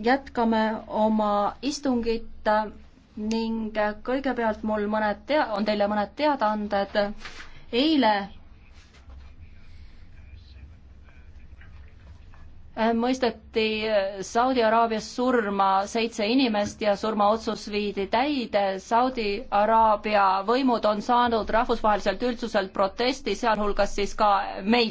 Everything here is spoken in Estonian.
jätkame oma istungit ning kõigepealt mul mõned tea-, on teile mõned teadaanded. eile mõisteti Saudi Araabias surma seitse inimest ja surmaotsus viidi täide. Saudi Araabia võimud on saanud rahvusvaheliselt üldsuselt protesti, sealhulgas siis ka meilt.